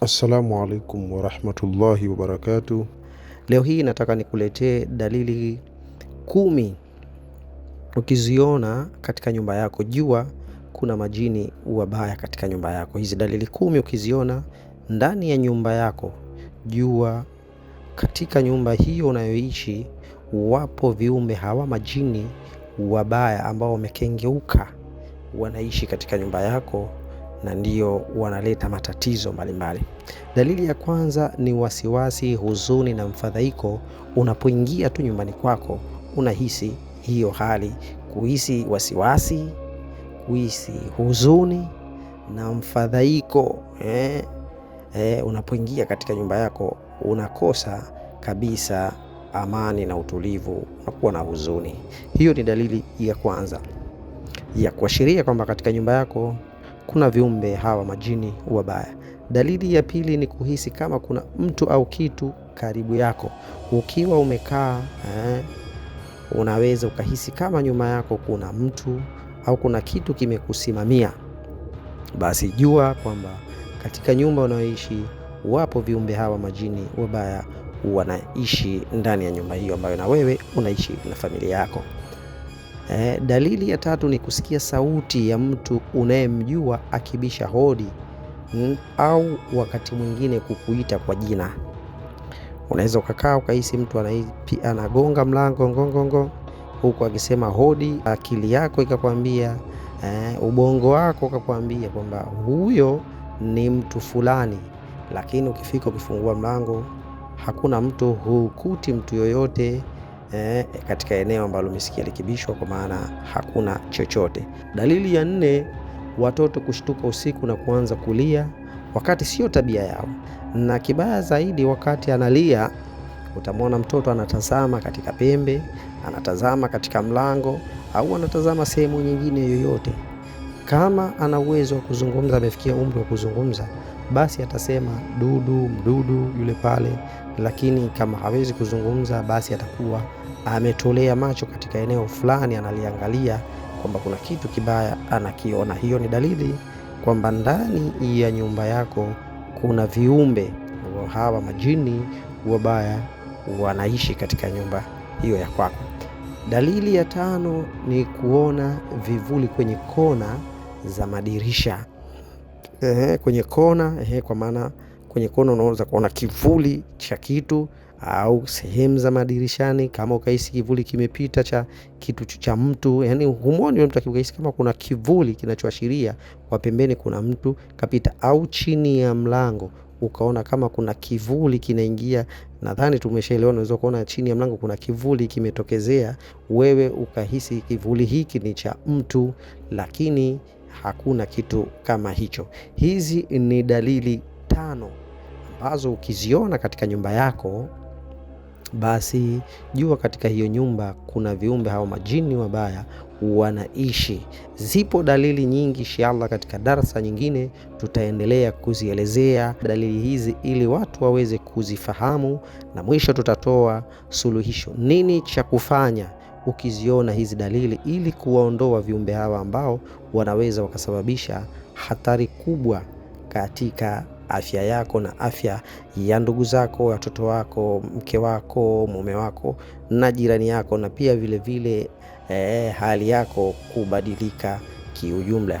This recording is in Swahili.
Assalamu alaikum warahmatullahi wabarakatuh. Leo hii nataka nikuletee dalili kumi ukiziona katika nyumba yako jua kuna majini wabaya katika nyumba yako. Hizi dalili kumi ukiziona ndani ya nyumba yako jua katika nyumba hiyo unayoishi wapo viumbe hawa majini wabaya ambao wamekengeuka wanaishi katika nyumba yako na ndio wanaleta matatizo mbalimbali. Dalili ya kwanza ni wasiwasi, huzuni na mfadhaiko. Unapoingia tu nyumbani kwako unahisi hiyo hali, kuhisi wasiwasi, kuhisi huzuni na mfadhaiko eh. Eh, unapoingia katika nyumba yako unakosa kabisa amani na utulivu, unakuwa na huzuni. Hiyo ni dalili ya kwanza ya kuashiria kwamba katika nyumba yako kuna viumbe hawa majini wabaya. Dalili ya pili ni kuhisi kama kuna mtu au kitu karibu yako. Ukiwa umekaa eh, unaweza ukahisi kama nyuma yako kuna mtu au kuna kitu kimekusimamia. Basi jua kwamba katika nyumba unayoishi wapo viumbe hawa majini wabaya wanaishi ndani ya nyumba hiyo ambayo na wewe unaishi na familia yako. Eh, dalili ya tatu ni kusikia sauti ya mtu unayemjua akibisha hodi mm, au wakati mwingine kukuita kwa jina. Unaweza ukakaa ukahisi mtu anagonga mlango ngongongo huku akisema hodi, akili yako ikakwambia eh, ubongo wako ukakwambia kwamba huyo ni mtu fulani, lakini ukifika ukifungua mlango hakuna mtu, hukuti mtu yoyote eh, katika eneo ambalo umesikia likibishwa, kwa maana hakuna chochote. Dalili ya nne, watoto kushtuka usiku na kuanza kulia wakati sio tabia yao, na kibaya zaidi, wakati analia utamwona mtoto anatazama katika pembe, anatazama katika mlango au anatazama sehemu nyingine yoyote. Kama ana uwezo wa kuzungumza, amefikia umri wa kuzungumza, basi atasema dudu mdudu yule pale, lakini kama hawezi kuzungumza, basi atakuwa ametolea macho katika eneo fulani, analiangalia kwamba kuna kitu kibaya anakiona. Hiyo ni dalili kwamba ndani ya nyumba yako kuna viumbe hawa majini wabaya wanaishi katika nyumba hiyo ya kwako. Dalili ya tano ni kuona vivuli kwenye kona za madirisha. Ehe, kwenye kona ehe, kwa maana kwenye kona unaweza kuona kivuli cha kitu au sehemu za madirishani, kama ukahisi kivuli kimepita cha kitu cha mtu, yani humwoni mtu, akihisi kama kuna kivuli kinachoashiria kwa pembeni kuna mtu kapita, au chini ya mlango ukaona kama kuna kivuli kinaingia. Nadhani tumeshaelewa, unaweza kuona chini ya mlango kuna kivuli kimetokezea, wewe ukahisi kivuli hiki ni cha mtu, lakini hakuna kitu kama hicho. Hizi ni dalili tano ambazo ukiziona katika nyumba yako basi jua katika hiyo nyumba kuna viumbe hao majini wabaya wanaishi. Zipo dalili nyingi, inshallah katika darsa nyingine tutaendelea kuzielezea dalili hizi ili watu waweze kuzifahamu, na mwisho tutatoa suluhisho, nini cha kufanya ukiziona hizi dalili, ili kuwaondoa viumbe hawa ambao wanaweza wakasababisha hatari kubwa katika afya yako na afya ya ndugu zako, watoto wako, mke wako, mume wako na jirani yako, na pia vilevile vile, eh, hali yako kubadilika kiujumla.